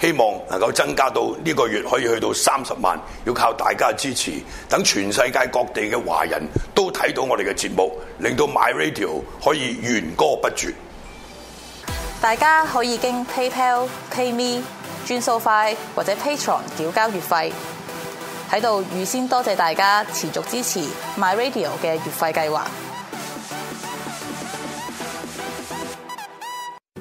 希望能夠增加到呢、這個月可以去到三十萬，要靠大家支持。等全世界各地嘅華人都睇到我哋嘅節目，令到 My Radio 可以弦歌不絕。大家可以經 PayPal Pay、PayMe 轉數快或者 Patreon 繳交月費。喺度預先多謝大家持續支持 My Radio 嘅月費計劃。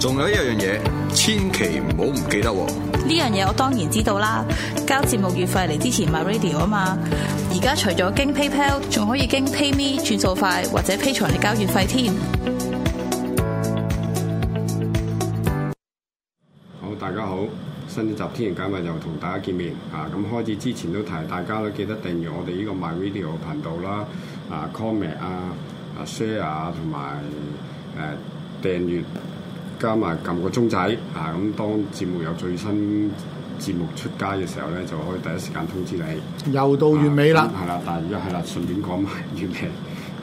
仲有一樣嘢，千祈唔好唔記得喎！呢樣嘢我當然知道啦，交節目月費嚟之前 my radio 啊嘛！而家除咗經 PayPal，仲可以經 PayMe 轉數快或者 Pay 財嚟交月費添。好，大家好，新一集天然解密就同大家見面啊！咁開始之前都提，大家都記得訂閱我哋呢個 my radio 頻道啦，啊 comment 啊，啊 share 啊，同埋誒訂閱。加埋撳個鐘仔，嚇、啊、咁當節目有最新節目出街嘅時候咧，就可以第一時間通知你。又到月尾啦，係啦、啊，但係如果係啦，順便講埋月尾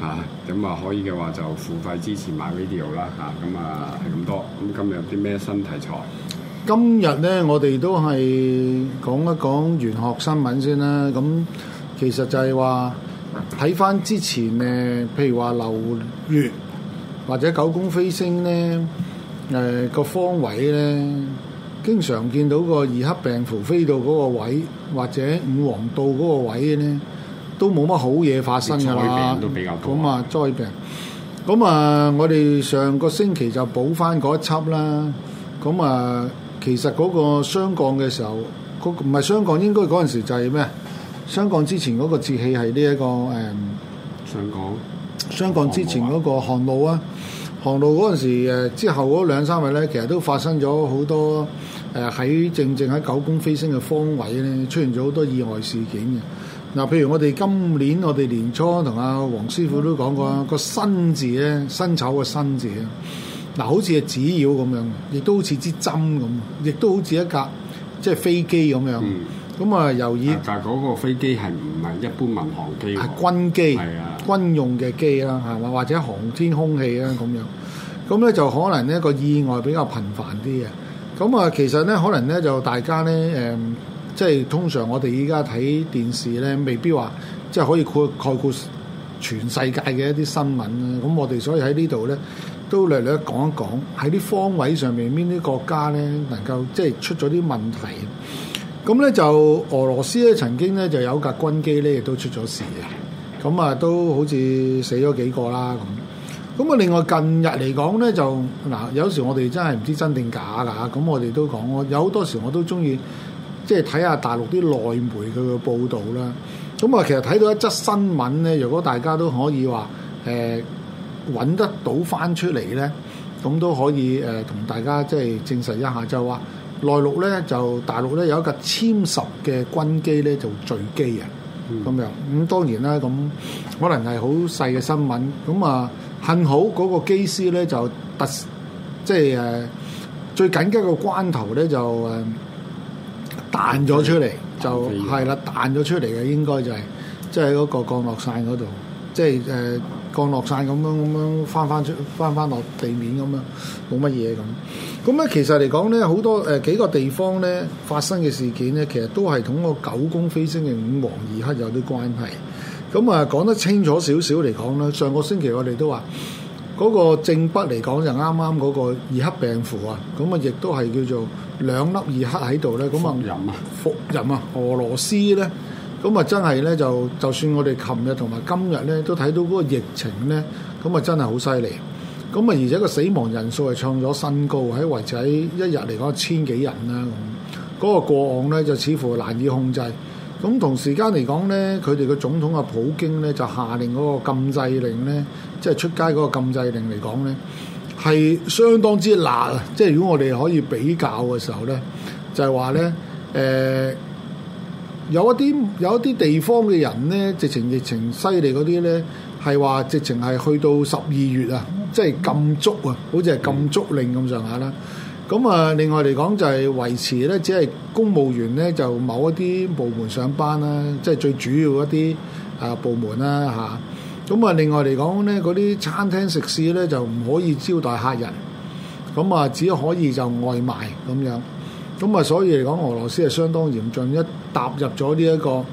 嚇，咁啊可以嘅話就付費支持買 video 啦、啊，嚇咁啊係咁多。咁今日有啲咩新題材？今日咧，我哋都係講一講玄學新聞先啦。咁其實就係話睇翻之前誒，譬如話流月或者九宮飛星咧。誒個方位咧，經常見到個二黑病符飛到嗰個位，或者五黃到嗰個位咧，都冇乜好嘢發生㗎啦。咁啊，災病。咁啊，我哋上個星期就補翻嗰一輯啦。咁啊，其實嗰個霜降嘅時候，嗰唔係霜降，應該嗰陣時就係咩？霜降之前嗰個節氣係呢一個誒？霜降。霜降之前嗰個寒露啊。航路嗰陣時之後嗰兩三位咧，其實都發生咗好多誒喺、呃、正正喺九宮飛星嘅方位咧，出現咗好多意外事件嘅。嗱、呃，譬如我哋今年我哋年初同阿黃師傅都講過，嗯、個新字咧，新丑個新字啊。嗱、呃，好似隻紙鷂咁樣，亦都好似支針咁，亦都好似一架即係飛機咁樣。嗯。咁啊，又以。但係嗰個飛機係唔係一般民航機？係軍機。係啊。軍用嘅機啦，係嘛？或者航天空氣啦咁樣，咁咧就可能呢個意外比較頻繁啲嘅。咁啊，其實咧可能咧就大家咧誒、嗯，即係通常我哋依家睇電視咧，未必話即係可以括概括全世界嘅一啲新聞啦。咁我哋所以喺呢度咧都略略講一講喺啲方位上面邊啲國家咧能夠即係出咗啲問題。咁咧就俄羅斯咧曾經咧就有架軍機咧亦都出咗事嘅。咁啊，都好似死咗幾個啦咁。咁啊，另外近日嚟講咧，就嗱，有時我哋真係唔知真定假㗎。咁我哋都講，我有好多時我都中意即係睇下大陸啲內媒佢嘅報導啦。咁啊，其實睇到一則新聞咧，如果大家都可以話誒揾得到翻出嚟咧，咁都可以誒同、欸、大家即係證實一下就話內陸咧就大陸咧有一架殲十嘅軍機咧就墜機啊！咁樣，咁當然啦，咁可能係好細嘅新聞，咁啊，幸好嗰個機師咧就突，即係誒最緊急個關頭咧就誒彈咗出嚟，就係啦彈咗出嚟嘅應該就係即係嗰個降落傘嗰度，即係誒降落傘咁樣咁樣翻翻出翻翻落地面咁樣，冇乜嘢咁。咁咧，其實嚟講咧，好多誒、呃、幾個地方咧發生嘅事件咧，其實都係同個九宮飛星嘅五黃二黑有啲關係。咁、嗯、啊，講得清楚少少嚟講咧，上個星期我哋都話嗰、那個正北嚟講就啱啱嗰個二黑病符啊，咁、嗯、啊，亦都係叫做兩粒二黑喺度咧。咁啊，復任啊，復任啊，俄羅斯咧，咁啊，真係咧就就算我哋琴日同埋今日咧都睇到嗰個疫情咧，咁啊，真係好犀利。咁啊！而且個死亡人數係創咗新高，喺維持喺一日嚟講千幾人啦。咁、那、嗰個個案咧，就似乎難以控制。咁同時間嚟講咧，佢哋嘅總統啊，普京咧就下令嗰個禁制令咧，即係出街嗰個禁制令嚟講咧，係相當之辣。即係如果我哋可以比較嘅時候咧，就係話咧，誒、呃、有一啲有一啲地方嘅人咧，直情疫情犀利嗰啲咧，係話直情係去到十二月啊！即係禁足啊，好似係禁足令咁上下啦。咁啊，另外嚟講就係維持咧，只係公務員咧就某一啲部門上班啦，即係最主要一啲啊部門啦嚇。咁啊，另外嚟講咧，嗰啲餐廳食肆咧就唔可以招待客人，咁啊只可以就外賣咁樣。咁啊，所以嚟講，俄羅斯係相當嚴峻，一踏入咗呢一個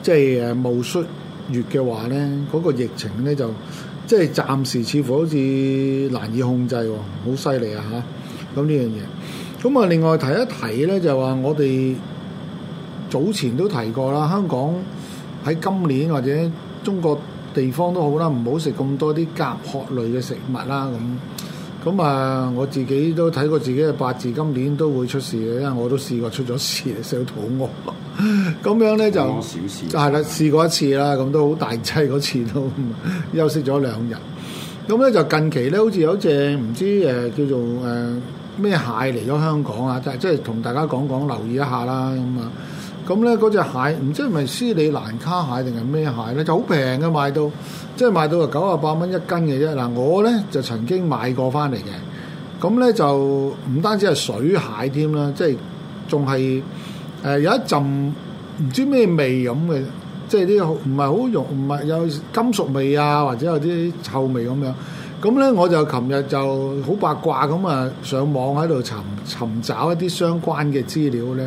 即係誒戊戌月嘅話咧，嗰個疫情咧就～即係暫時似乎好似難以控制喎、哦，好犀利啊嚇！咁、啊、呢樣嘢，咁啊，另外提一提咧，就話、是、我哋早前都提過啦，香港喺今年或者中國地方都好啦，唔好食咁多啲甲殼類嘅食物啦咁。啊，嗯。咁啊，我自己都睇過自己嘅八字，今年都會出事嘅，因為我都試過出咗事，成肚餓。咁 樣咧就，係啦，了試過一次啦，咁 都好大劑嗰次都 休息咗兩日。咁咧就近期咧，好似有隻唔知誒叫做誒咩、呃、蟹嚟咗香港啊，即係即係同大家講講，留意一下啦咁啊。咁咧嗰隻蟹唔知係咪斯里蘭卡蟹定係咩蟹咧，就好平嘅賣到，即係賣到啊九十八蚊一斤嘅啫。嗱，我咧就曾經買過翻嚟嘅。咁咧就唔單止係水蟹添啦，即係仲係誒有一陣唔知咩味咁嘅，即係啲唔係好融，唔係有金屬味啊，或者有啲臭味咁樣。咁咧我就琴日就好八卦咁啊，上網喺度尋尋找一啲相關嘅資料咧，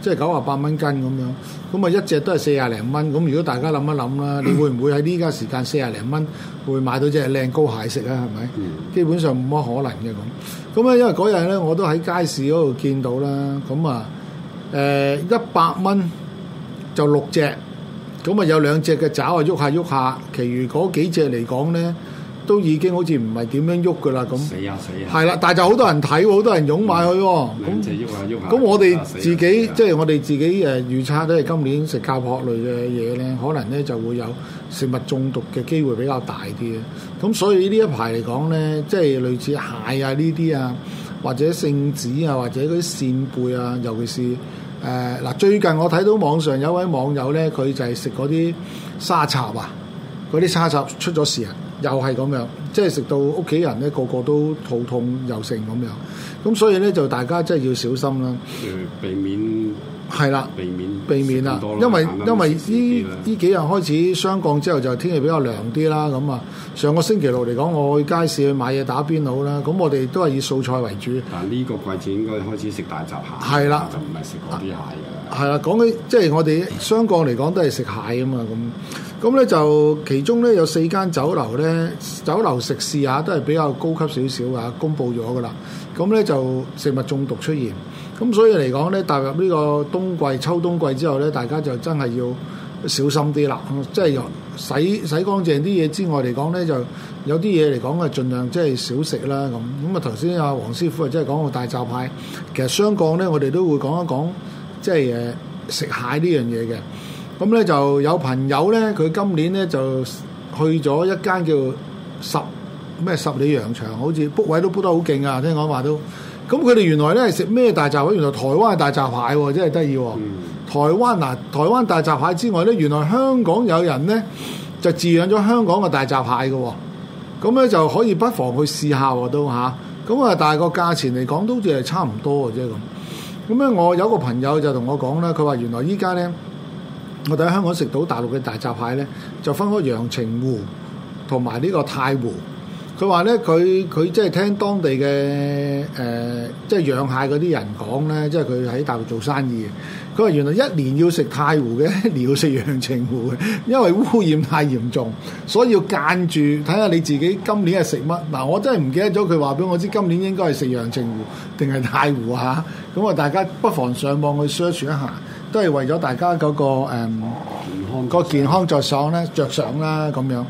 即係九啊八蚊斤咁樣，咁啊一隻都係四廿零蚊。咁如果大家諗一諗啦，你會唔會喺呢家時間四廿零蚊會買到隻靚膏蟹食啊？係咪？基本上冇乜可能嘅。咁咁啊，因為嗰日咧我都喺街市嗰度見到啦。咁啊，誒一百蚊就六隻，咁啊有兩隻嘅爪啊喐下喐下，其餘嗰幾隻嚟講咧。都已經好似唔係點樣喐嘅啦咁，係啦、啊啊，但係就好多人睇喎，好、嗯、多人擁埋佢喎。咁咁、嗯、那我哋自己、啊啊、即係我哋自己誒、呃、預測咧，今年食甲殼類嘅嘢咧，可能咧就會有食物中毒嘅機會比較大啲嘅。咁所以一呢一排嚟講咧，即係類似蟹啊呢啲啊，或者聖子啊，或者嗰啲扇貝啊，尤其是誒嗱、呃，最近我睇到網上有位網友咧，佢就係食嗰啲沙茶啊，嗰啲沙茶出咗事啊！又係咁樣，即係食到屋企人咧個個都肚痛又盛咁樣，咁所以咧就大家真係要小心啦。避免係啦，避免避免啦，因為因為呢呢幾日開始霜降之後就天氣比較涼啲啦，咁啊，上個星期六嚟講，我去街市去買嘢打邊爐啦，咁我哋都係以素菜為主。但係呢個季節應該開始食大閘蟹，係啦，就唔係食嗰啲蟹嘅。係啦，講起即係我哋霜降嚟講都係食蟹啊嘛，咁。咁咧就其中咧有四間酒樓咧，酒樓食肆下都係比較高級少少啊，公布咗噶啦。咁咧就食物中毒出現，咁所以嚟講咧，踏入呢個冬季、秋冬季之後咧，大家就真係要小心啲啦。即係又洗洗乾淨啲嘢之外呢，嚟講咧就有啲嘢嚟講啊，儘量即係少食啦。咁咁啊，頭先阿黃師傅啊，即係講個大閘蟹。其實霜降咧，我哋都會講一講，即係誒食蟹呢樣嘢嘅。咁咧就有朋友咧，佢今年咧就去咗一間叫十咩十里洋場，好似 book 位都 book 得好勁啊！聽講話都咁佢哋原來咧係食咩大閘？原來台灣嘅大閘蟹喎、哦，真係得意喎。嗯、台灣嗱、啊，台灣大閘蟹之外咧，原來香港有人咧就飼養咗香港嘅大閘蟹嘅、哦，咁咧就可以不妨去試下喎、啊、都吓咁啊，但係個價錢嚟講都好似係差唔多嘅啫咁。咁咧，我有個朋友就同我講啦，佢話原來依家咧。我哋喺香港食到大陸嘅大閘蟹咧，就分開陽澄湖同埋呢個太湖。佢話咧，佢佢即係聽當地嘅誒，即係養蟹嗰啲人講咧，即係佢喺大陸做生意。佢話原來一年要食太湖嘅，一 年要食陽澄湖嘅，因為污染太嚴重，所以要間住睇下你自己今年係食乜。嗱、啊，我真係唔記得咗佢話俾我知，今年應該係食陽澄湖定係太湖吓。咁啊，大家不妨上網去 search 一下。都係為咗大家嗰、那個誒、嗯、康個健康着想咧，著想啦咁樣。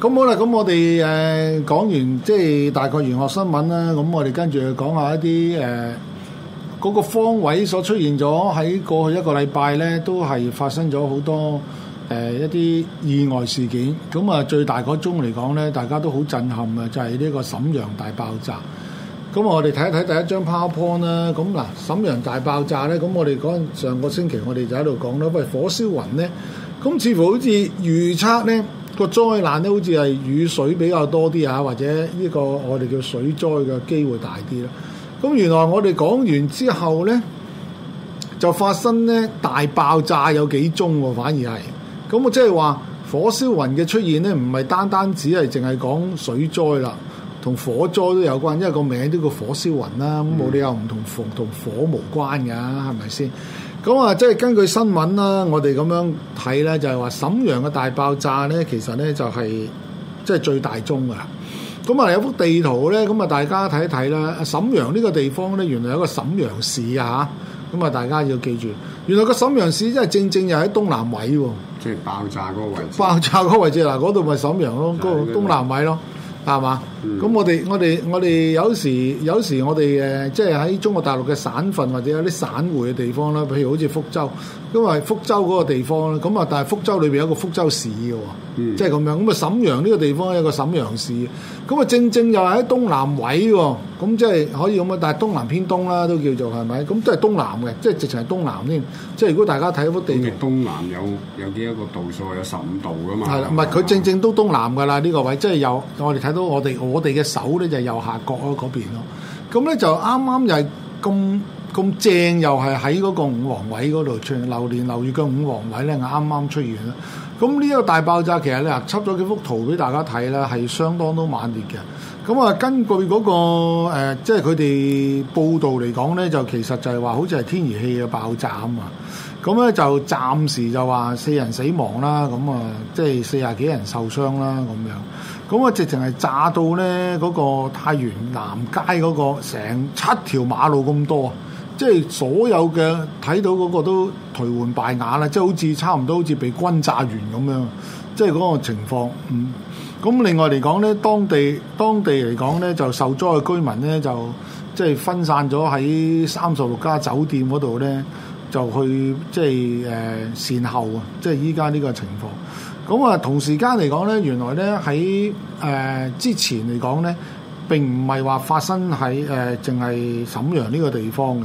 咁好啦，咁我哋誒、呃、講完即係大概玄學新聞啦。咁我哋跟住講一下一啲誒嗰個方位所出現咗喺過去一個禮拜咧，都係發生咗好多誒、呃、一啲意外事件。咁啊，最大嗰宗嚟講咧，大家都好震撼啊！就係、是、呢個瀋陽大爆炸。咁我哋睇一睇第一張 PowerPoint 啦。咁嗱，瀋陽大爆炸咧，咁我哋嗰陣上個星期我哋就喺度講啦。喂，火燒雲咧，咁似乎好似預測咧個災難咧，好似係雨水比較多啲啊，或者呢個我哋叫水災嘅機會大啲咯。咁原來我哋講完之後咧，就發生咧大爆炸有幾宗喎、啊，反而係。咁啊，即係話火燒雲嘅出現咧，唔係單單只係淨係講水災啦。同火災都有關，因為個名都叫火燒雲啦，咁冇、嗯、理由唔同同火無關嘅，係咪先？咁啊，即係根據新聞啦，我哋咁樣睇咧，就係、是、話瀋陽嘅大爆炸咧，其實咧就係即係最大宗嘅。咁啊，有幅地圖咧，咁啊，大家睇一睇啦。瀋陽呢個地方咧，原來有個瀋陽市啊，嚇。咁啊，大家要記住，原來個瀋陽市即係正正又喺東南位喎。即係爆炸嗰個位置。爆炸嗰個位置嗱，嗰度咪瀋陽咯，嗰個東南位咯，係嘛？咁、嗯、我哋我哋我哋有時，有時我哋誒、呃、即係喺中國大陸嘅省份或者有啲省會嘅地方啦，譬如好似福州，因為福州嗰個地方咧，咁啊但係福州裏邊有個福州市嘅喎，即係咁樣，咁啊瀋陽呢個地方有個瀋陽市，咁、嗯、啊正正又係喺東南位喎，咁、嗯、即係可以咁啊，但係東南偏東啦、啊、都叫做係咪？咁、嗯、都係東南嘅，即係直情係東南添。即係如果大家睇幅地圖，東南有有幾多個度數？有十五度㗎嘛。係啦的，唔係佢正正都東南㗎啦，呢、這個位即係有我哋睇到我哋。我哋嘅手咧就右下角嗰邊咯，咁咧就啱啱又係咁咁正，又係喺嗰個五黃位嗰度，流年流月嘅五黃位咧啱啱出現啦。咁呢一個大爆炸其實咧，插咗幾幅圖俾大家睇啦，係相當都猛烈嘅。咁、嗯、啊，根據、那個別嗰個即係佢哋報道嚟講咧，就其實就係話好似係天然氣嘅爆炸啊嘛。咁、嗯、咧、嗯、就暫時就話四人死亡啦，咁、嗯、啊，即係四廿幾人受傷啦，咁樣。咁啊，直情係炸到咧，嗰個太原南街嗰個成七條馬路咁多，即係所有嘅睇到嗰個都頹垣敗瓦啦，即係好似差唔多好似被轟炸完咁樣，即係嗰個情況。嗯，咁另外嚟講咧，當地當地嚟講咧，就受災嘅居民咧，就即係分散咗喺三十六家酒店嗰度咧，就去即係誒、呃、善後啊，即係依家呢個情況。咁啊，同時間嚟講呢，原來呢喺誒之前嚟講呢，並唔係話發生喺誒淨係沈陽呢個地方嘅。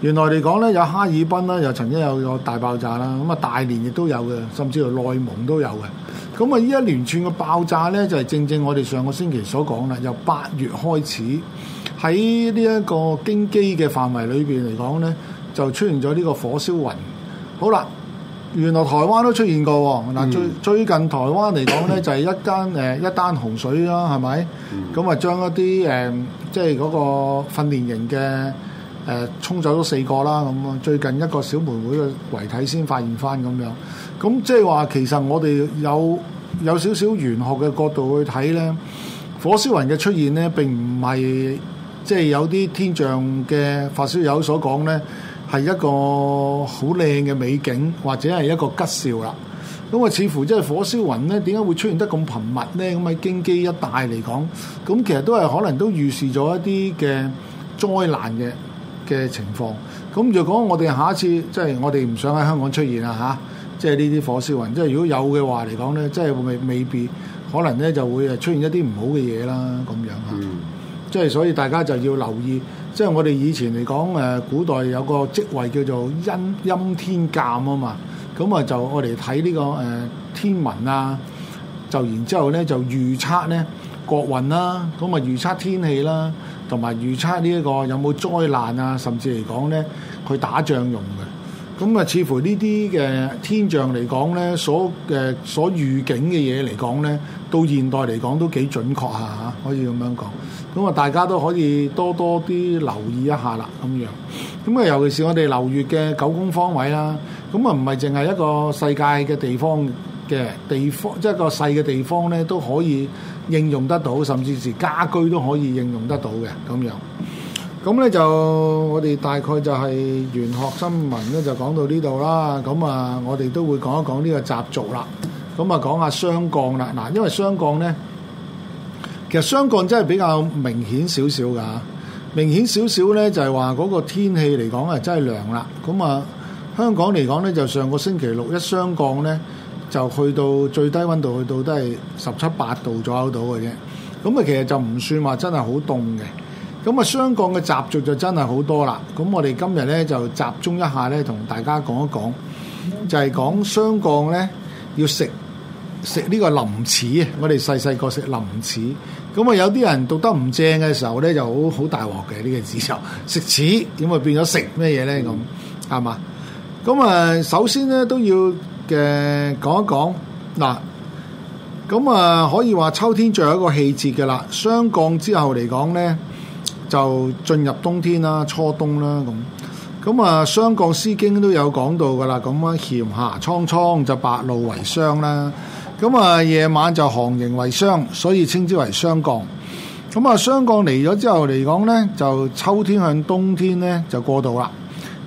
原來嚟講呢，有哈爾濱啦，又曾經有個大爆炸啦。咁啊，大連亦都有嘅，甚至乎內蒙都有嘅。咁啊，呢一連串嘅爆炸呢，就係正正我哋上個星期所講啦。由八月開始，喺呢一個京畿嘅範圍裏邊嚟講呢，就出現咗呢個火燒雲。好啦。原來台灣都出現過嗱，最最近台灣嚟講咧，就係一間誒一單洪水啦，係咪？咁啊，將 一啲誒、呃、即係嗰個訓練營嘅誒沖走咗四個啦，咁啊，最近一個小妹妹嘅遺體先發現翻咁樣。咁即係話，其實我哋有有少少玄學嘅角度去睇咧，火燒雲嘅出現咧，並唔係即係有啲天象嘅發燒友所講咧。係一個好靚嘅美景，或者係一個吉兆啦。咁啊，似乎即係火燒雲咧，點解會出現得咁頻密咧？咁喺京畿一帶嚟講，咁其實都係可能都預示咗一啲嘅災難嘅嘅情況。咁如果講我哋下一次即係、就是、我哋唔想喺香港出現啊吓，即係呢啲火燒雲。即、就、係、是、如果有嘅話嚟講咧，即、就、係、是、未未必可能咧就會誒出現一啲唔好嘅嘢啦咁樣啊。即係、嗯、所以大家就要留意。即係我哋以前嚟講，誒、呃、古代有個職位叫做陰陰天監啊嘛，咁啊就我哋睇呢個誒、呃、天文啊，就然之後咧就預測咧國運啦、啊，咁啊預測天氣啦、啊，同埋預測呢一個有冇災難啊，甚至嚟講咧去打仗用嘅，咁啊似乎呢啲嘅天象嚟講咧，所誒、呃、所預警嘅嘢嚟講咧。到現代嚟講都幾準確下可以咁樣講。咁啊，大家都可以多多啲留意一下啦，咁樣。咁啊，尤其是我哋流月嘅九宮方位啦，咁啊唔係淨係一個世界嘅地方嘅地方，即係一個細嘅地方咧，都可以應用得到，甚至是家居都可以應用得到嘅咁樣。咁咧就我哋大概就係玄學新聞咧就講到呢度啦。咁啊，我哋都會講一講呢個習俗啦。咁啊，講下霜降啦！嗱，因為霜降咧，其實霜降真係比較明顯少少㗎，明顯少少咧就係話嗰個天氣嚟講啊，真係涼啦。咁啊，香港嚟講咧，就上個星期六一霜降咧，就去到最低溫度去到都係十七八度左右度嘅啫。咁啊，其實就唔算話真係好凍嘅。咁啊，霜降嘅習俗就真係好多啦。咁我哋今日咧就集中一下咧，同大家講一講，就係講霜降咧。要食食呢個林柿啊！我哋細細個食林柿，咁啊有啲人讀得唔正嘅時候咧，就好好大鑊嘅呢個字就食柿，點會變咗食咩嘢咧？咁係嘛？咁啊，首先咧都要嘅講一講嗱，咁啊可以話秋天最後一個氣節嘅啦，霜降之後嚟講咧就進入冬天啦、初冬啦咁。咁啊，《霜降詩經》都有講到㗎喇。咁啊，蒹葭蒼蒼就白露為霜啦。咁啊，夜晚就寒凝為霜，所以稱之為霜降。咁啊，霜降嚟咗之後嚟講咧，就秋天向冬天咧就過渡啦。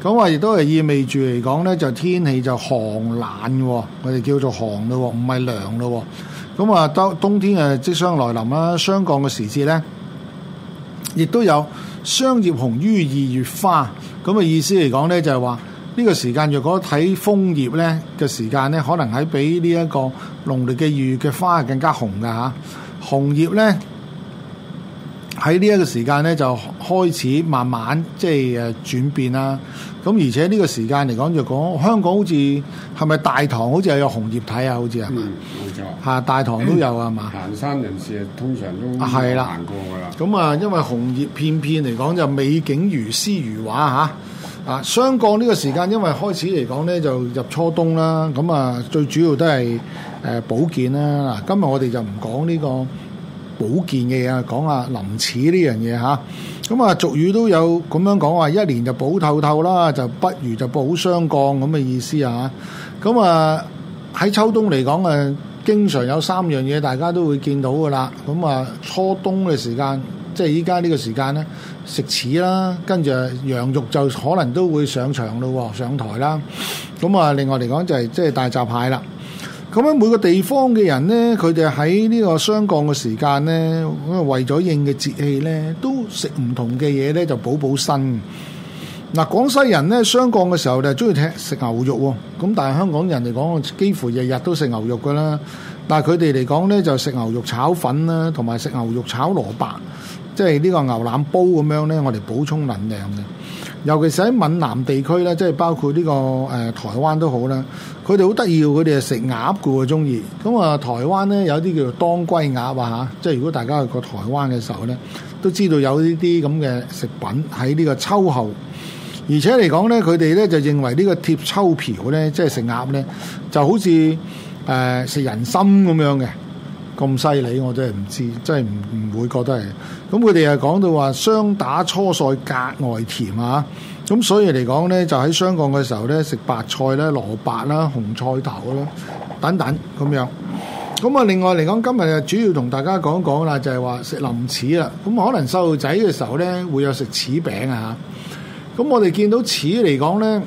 咁啊，亦都係意味住嚟講咧，就天氣就寒冷，我哋叫做寒咯，唔係涼咯。咁啊，冬冬天啊，即將來臨啦。霜降嘅時節咧，亦都有霜葉紅於二月，月花。咁嘅意思嚟講咧，就係話呢個時間，若果睇楓葉咧嘅時間咧，可能係比呢一個農曆嘅二月嘅花更加紅嘅嚇，紅葉咧。喺呢一個時間咧，就開始慢慢即係誒轉變啦。咁而且呢個時間嚟講就講香港好似係咪大棠好似有紅葉睇？嗯、啊？好似啊，嗯，冇錯，嚇大棠都有啊嘛。行山人，人士通常都行過噶啦。咁啊，因為紅葉片片嚟講就美景如詩如畫嚇。啊，霜降呢個時間因為開始嚟講咧就入初冬啦。咁啊，最主要都係誒、啊、保健啦。嗱、啊，今日我哋就唔講呢、這個。保健嘅嘢啊，講下，臨此呢樣嘢嚇，咁啊俗語都有咁樣講話，一年就補透透啦，就不如就補霜降咁嘅意思、嗯、啊。咁啊喺秋冬嚟講啊，經常有三樣嘢大家都會見到噶啦。咁、嗯、啊初冬嘅時間，即係依家呢個時間咧，食柿啦，跟住羊肉就可能都會上場咯，上台啦。咁、嗯、啊，另外嚟講就係、是、即係大閘蟹啦。咁樣每個地方嘅人呢，佢哋喺呢個霜降嘅時間呢，咁啊為咗應嘅節氣呢，都食唔同嘅嘢呢，就補補身。嗱、啊，廣西人呢，霜降嘅時候就係中意食食牛肉喎、哦，咁但係香港人嚟講，幾乎日日都食牛肉噶啦。但係佢哋嚟講呢，就食牛肉炒粉啦，同埋食牛肉炒蘿蔔，即係呢個牛腩煲咁樣呢，我哋補充能量嘅。尤其是喺閩南地區咧，即係包括呢個誒台灣都好啦，佢哋好得意，佢哋係食鴨嘅喎，中意。咁啊，台灣咧有啲叫做當歸鴨啊嚇，即係如果大家去過台灣嘅時候咧，都知道有呢啲咁嘅食品喺呢個秋後，而且嚟講咧，佢哋咧就認為呢個貼秋膘咧，即係食鴨咧，就好似誒食人心咁樣嘅。咁犀利，我真係唔知，真係唔唔會覺得係。咁佢哋又講到話霜打蔬菜格外甜啊！咁所以嚟講呢，就喺霜降嘅時候呢，食白菜啦、蘿蔔啦、紅菜頭啦等等咁樣。咁啊，另外嚟講，今日啊，主要同大家講講啦，就係話食腍柿啦。咁可能細路仔嘅時候呢，會有食柿餅啊。咁我哋見到柿嚟講呢，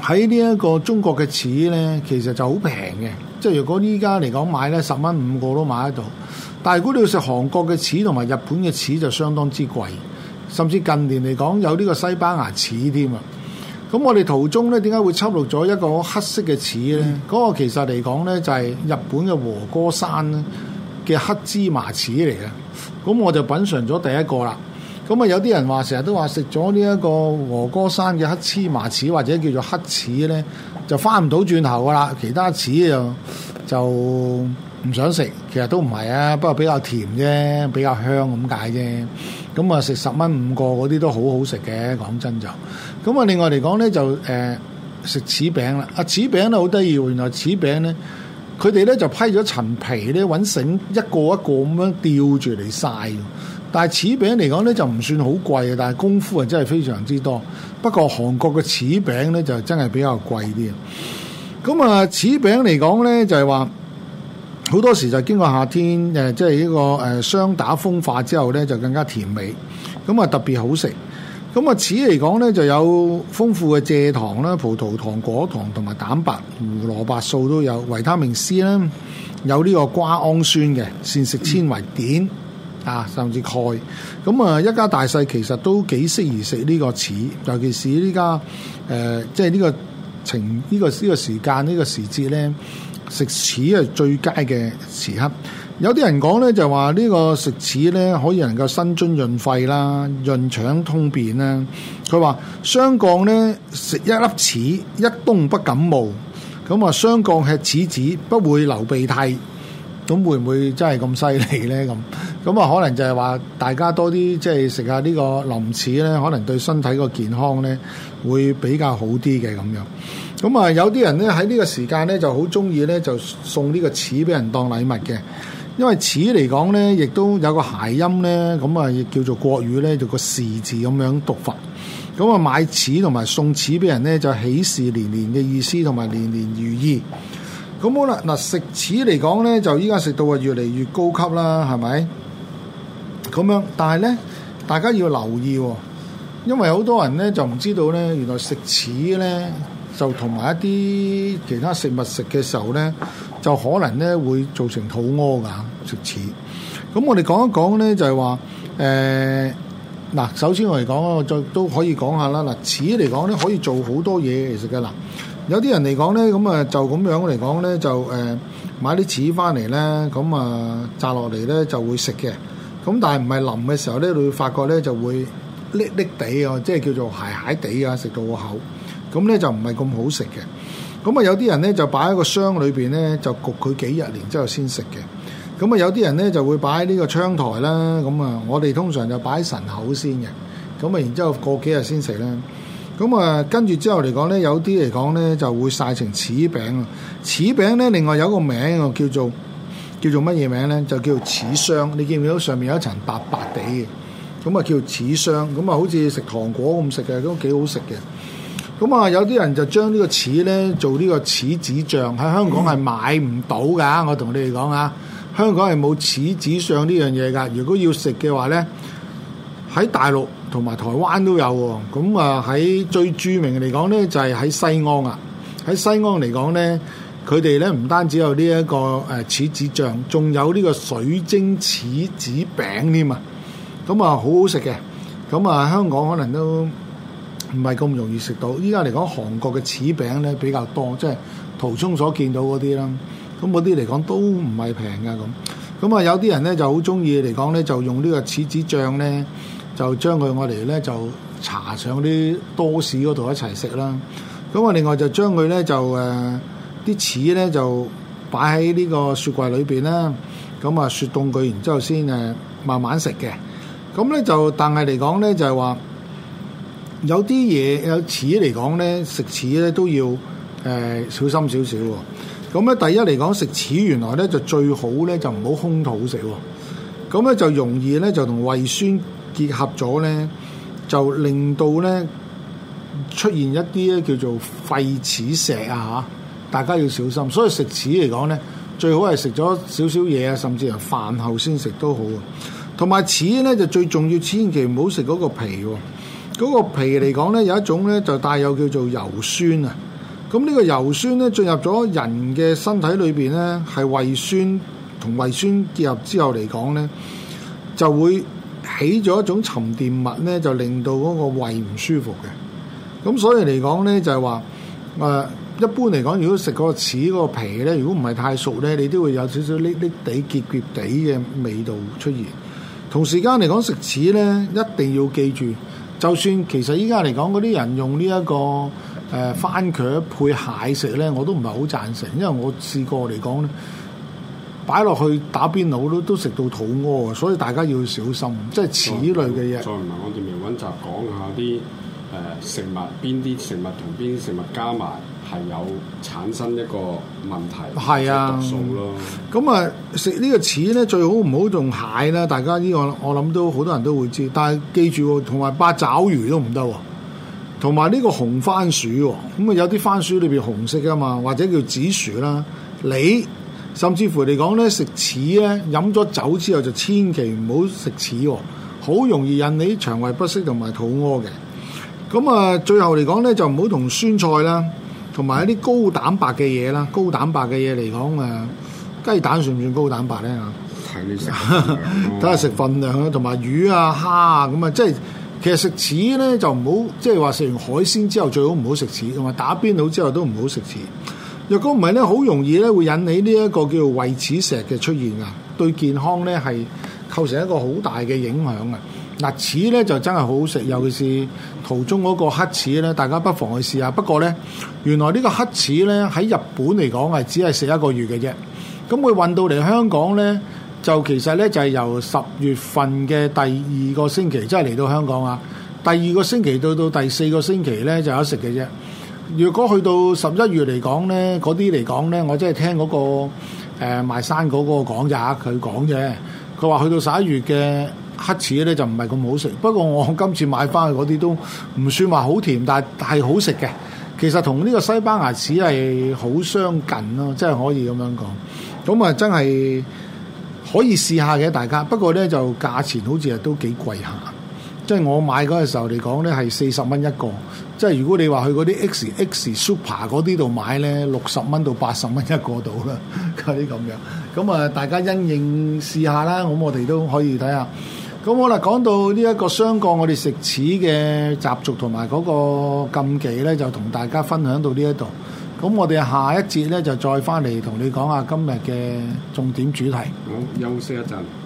喺呢一個中國嘅柿呢，其實就好平嘅。即如果依家嚟講買咧，十蚊五個都買得到。但係如果你要食韓國嘅柿同埋日本嘅柿就相當之貴，甚至近年嚟講有呢個西班牙柿添啊。咁我哋途中咧點解會輯錄咗一個黑色嘅柿咧？嗰、嗯、個其實嚟講咧就係、是、日本嘅和歌山嘅黑芝麻柿嚟嘅。咁我就品嚐咗第一個啦。咁啊有啲人話成日都話食咗呢一個和歌山嘅黑芝麻柿或者叫做黑柿咧。就翻唔到轉頭噶啦，其他柿就就唔想食，其實都唔係啊，不過比較甜啫，比較香咁解啫。咁、呃、啊，食十蚊五個嗰啲都好好食嘅，講真就。咁啊，另外嚟講咧就誒食柿餅啦，啊柿餅都好得意喎，原來柿餅咧佢哋咧就批咗陳皮咧，揾繩一個一個咁樣吊住嚟曬。但係柿餅嚟講咧就唔算好貴嘅，但係功夫啊真係非常之多。不過韓國嘅柿餅咧就真係比較貴啲。咁啊柿餅嚟講咧就係話好多時就經過夏天誒、呃，即係呢個誒霜、呃、打風化之後咧就更加甜美，咁啊特別好食。咁啊柿嚟講咧就有豐富嘅蔗糖啦、葡萄糖、果糖同埋蛋白、胡蘿蔔素都有、維他命 C 啦，有呢個瓜氨酸嘅膳食纖維碘。嗯啊，甚至鈣，咁、嗯、啊一家大細其實都幾適宜食呢個柿，尤其是呢家誒，即係呢個情呢、這個呢、這個時間呢、這個時節咧，食柿係最佳嘅時刻。有啲人講咧就話呢個食柿咧可以能夠生津潤肺啦，潤腸通便啦。佢話霜降咧食一粒柿，一冬不感冒。咁啊霜降吃柿子不會流鼻涕，咁、嗯、會唔會真係咁犀利咧咁？咁啊，可能就係話大家多啲即係食下呢個林柿咧，可能對身體個健康咧會比較好啲嘅咁樣。咁啊，有啲人咧喺呢個時間咧就好中意咧就送呢個柿俾人當禮物嘅，因為柿嚟講咧亦都有個諧音咧，咁啊亦叫做國語咧就個事字咁樣讀法。咁啊買柿同埋送柿俾人咧就喜事連連嘅意思，同埋年年如意。咁好啦，嗱食柿嚟講咧就依家食到啊越嚟越高級啦，係咪？咁樣，但係咧，大家要留意喎、哦，因為好多人咧就唔知道咧，原來食柿咧就同埋一啲其他食物食嘅時候咧，就可能咧會造成肚屙噶。食柿，咁、嗯、我哋講一講咧，就係、是、話，誒、呃、嗱，首先我嚟講，我再都可以講下啦。嗱，柿嚟講咧可以做好多嘢，其實噶嗱，有啲人嚟講咧，咁啊就咁樣嚟講咧，就誒、呃、買啲柿翻嚟咧，咁啊摘落嚟咧就會食嘅。咁但係唔係淋嘅時候咧，你會發覺咧就會瀝瀝地哦，即係叫做鞋鞋地啊，食到個口。咁咧就唔係咁好食嘅。咁啊有啲人咧就擺喺個箱裏邊咧，就焗佢幾日，然之後先食嘅。咁啊有啲人咧就會擺喺呢個窗台啦。咁啊我哋通常就擺喺神口先嘅。咁啊然之後過幾日先食啦。咁啊跟住之後嚟講咧，有啲嚟講咧就會曬成柿餅啊。柿餅咧另外有一個名啊叫做。叫做乜嘢名咧？就叫做柿霜。你見唔見到上面有一層白白地嘅？咁啊叫做柿霜。咁啊好似食糖果咁食嘅，都幾好食嘅。咁啊有啲人就將呢個柿咧做呢個柿子醬。喺香港係買唔到㗎，我同你哋講啊，香港係冇柿子醬呢樣嘢㗎。如果要食嘅話咧，喺大陸同埋台灣都有喎。咁啊喺最著名嚟講咧，就係喺西安啊。喺西安嚟講咧。佢哋咧唔單止有呢一個誒柿子醬，仲有呢個水晶柿子餅添啊！咁啊，好好食嘅。咁啊，香港可能都唔係咁容易食到。依家嚟講，韓國嘅柿餅咧比較多，即係途中所見到嗰啲啦。咁嗰啲嚟講都唔係平㗎咁。咁啊，有啲人咧就好鍾意嚟講咧，就用呢個柿子醬咧，就將佢我哋咧就搽上啲多士嗰度一齊食啦。咁啊，另外就將佢咧就誒。呃啲柿咧就擺喺呢個雪櫃裏邊啦，咁、嗯、啊雪凍佢，然之後先誒慢慢食嘅。咁、嗯、咧就，但係嚟講咧就係、是、話，有啲嘢有柿嚟講咧，食柿咧都要誒、呃、小心少少。咁、嗯、咧第一嚟講，食柿原來咧就最好咧就唔好空肚食喎。咁、嗯、咧就容易咧就同胃酸結合咗咧，就令到咧出現一啲咧叫做廢柿石啊嚇。大家要小心，所以食柿嚟講呢最好係食咗少少嘢啊，甚至係飯後先食都好。同埋柿呢，就最重要，千祈唔好食嗰個皮喎。嗰、哦這個皮嚟講呢有一種呢就帶有叫做油酸啊。咁、嗯、呢、這個油酸呢，進入咗人嘅身體裏邊呢係胃酸同胃酸結合之後嚟講呢就會起咗一種沉澱物呢就令到嗰個胃唔舒服嘅。咁、嗯、所以嚟講呢就係、是、話，誒、呃。一般嚟講，如果食嗰個柿嗰個皮咧，如果唔係太熟咧，你都會有少少瀝瀝地、結結地嘅味道出現。同時間嚟講，食柿咧一定要記住，就算其實依家嚟講嗰啲人用呢、這、一個誒、呃、番茄配蟹食咧，我都唔係好贊成，因為我試過嚟講咧，擺落去打邊爐都都食到肚屙。所以大家要小心，即係柿類嘅嘢。再唔係我哋咪揾集講下啲誒、呃、食物，邊啲食物同邊啲食物加埋。係有產生一個問題，即係、啊、毒素咯。咁啊，食呢個柿咧，最好唔好用蟹啦。大家呢個我諗都好多人都會知。但係記住，同埋八爪魚都唔得。同埋呢個紅番薯，咁啊有啲番薯裏邊紅色噶嘛，或者叫紫薯啦。你甚至乎嚟講咧，食柿咧，飲咗酒之後就千祈唔好食柿，好容易引起腸胃不適同埋肚屙嘅。咁啊，最後嚟講咧，就唔好同酸菜啦。同埋一啲高蛋白嘅嘢啦，高蛋白嘅嘢嚟講誒，雞蛋算唔算高蛋白咧嚇？睇你食，睇下食份量啦。同埋、 哦、魚啊、蝦啊咁啊，即係其實食柿咧就唔好，即係話食完海鮮之後最好唔好食柿，同埋打邊爐之後都唔好食柿。若果唔係咧，好容易咧會引起呢一個叫做胃齒石胃柿石嘅出現啊，對健康咧係構成一個好大嘅影響啊！嗱，柿呢就真係好好食，尤其是途中嗰個黑柿呢，大家不妨去試下。不過呢，原來呢個黑柿呢喺日本嚟講係只係食一個月嘅啫。咁佢運到嚟香港呢，就其實呢就係由十月份嘅第二個星期，即係嚟到香港啊。第二個星期到到第四個星期呢就有得食嘅啫。如果去到十一月嚟講呢，嗰啲嚟講呢，我真係聽嗰個誒賣生果嗰個講咋，佢講啫。佢話去到十一月嘅。黑柿咧就唔係咁好食，不過我今次買翻去嗰啲都唔算話好甜，但係好食嘅。其實同呢個西班牙柿係好相近咯，真係可以咁樣講。咁啊，真係可以試下嘅大家。不過咧就價錢好似係都幾貴下，即係我買嗰個時候嚟講咧係四十蚊一個。即係如果你話去嗰啲 X X Super 嗰啲度買咧，六十蚊到八十蚊一個度啦，嗰啲咁樣。咁啊，大家因應試下啦。咁我哋都可以睇下。咁我哋講到呢一個霜降，我哋食柿嘅習俗同埋嗰個禁忌咧，就同大家分享到呢一度。咁我哋下一節咧就再翻嚟同你講下今日嘅重點主題。好，休息一陣。